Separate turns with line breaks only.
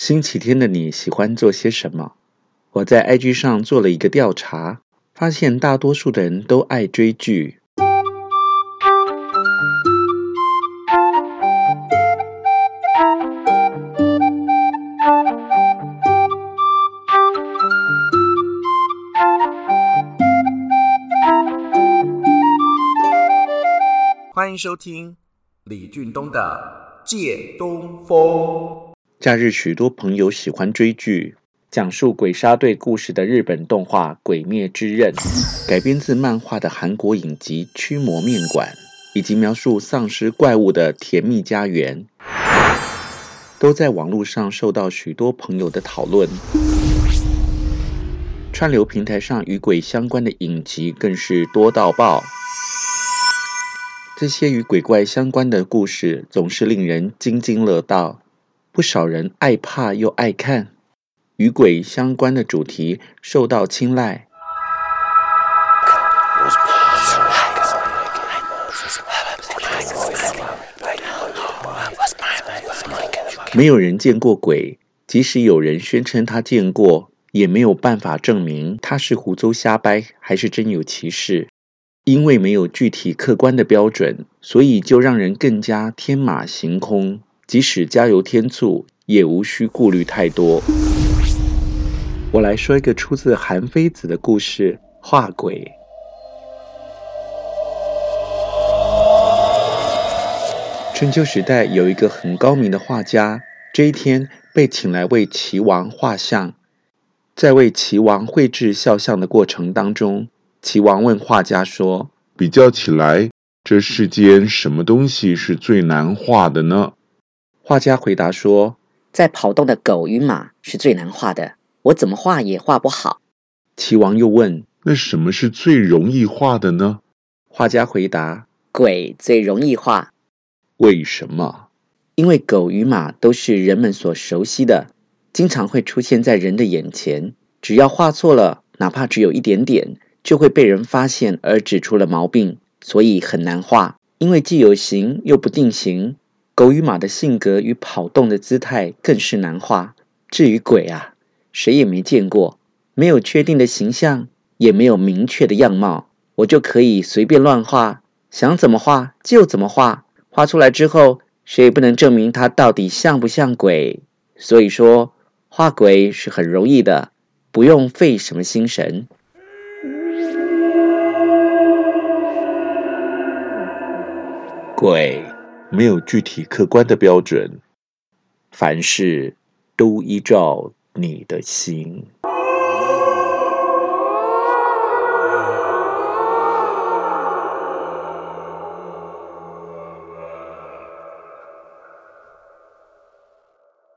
星期天的你喜歡做些什麼？我在 IG 上做了一個調查，發現大多數的人都愛追劇。歡迎收聽李俊東的《借東風》。假日，許多朋友喜歡追劇。講述鬼殺隊故事的日本動畫《鬼滅之刃》，改編自漫畫的韓國影集《驅魔麵館》，以及描述喪屍怪物的《甜蜜家園》，都在網絡上受到許多朋友的討論。串流平台上與鬼相關的影集更是多到爆。這些與鬼怪相關的故事總是令人津津樂道。不少人愛怕又愛看，與鬼相關的主題受到青睞。沒有人見過鬼，即使有人宣稱他見過，也沒有辦法證明他是胡謅瞎掰還是真有其事。因為沒有具體客觀的標準，所以就讓人更加天馬行空。即使加油添醋，也無需顧慮太多。我來說一個出自《韓非子》的故事：畫鬼。春秋時代有一個很高明的畫家，這一天被請來為齊王畫像。在為齊王繪製肖像的過程當中，齊王問畫家說：“比較起來，這世間什麼東西是最難畫的呢？”畫家回答說：“在跑動的狗與馬是最難畫的，我怎麼畫也畫不好。”齊王又問：“那什麼是最容易畫的呢？”畫家回答：“鬼最容易畫。”為什麼？因為狗與馬都是人們所熟悉的，經常會出現在人的眼前。只要畫錯了，哪怕只有一點點，就會被人發現而指出了毛病，所以很難畫。因為既有形又不定形。狗與馬的性格與跑動的姿態更是難畫。至於鬼啊，誰也沒見過，沒有確定的形象，也沒有明確的樣貌，我就可以隨便亂畫，想怎麼畫就怎麼畫。畫出來之後，誰也不能證明它到底像不像鬼。所以說，畫鬼是很容易的，不用費什麼心神。鬼。沒有具體客觀的標準，凡事都依照你的心。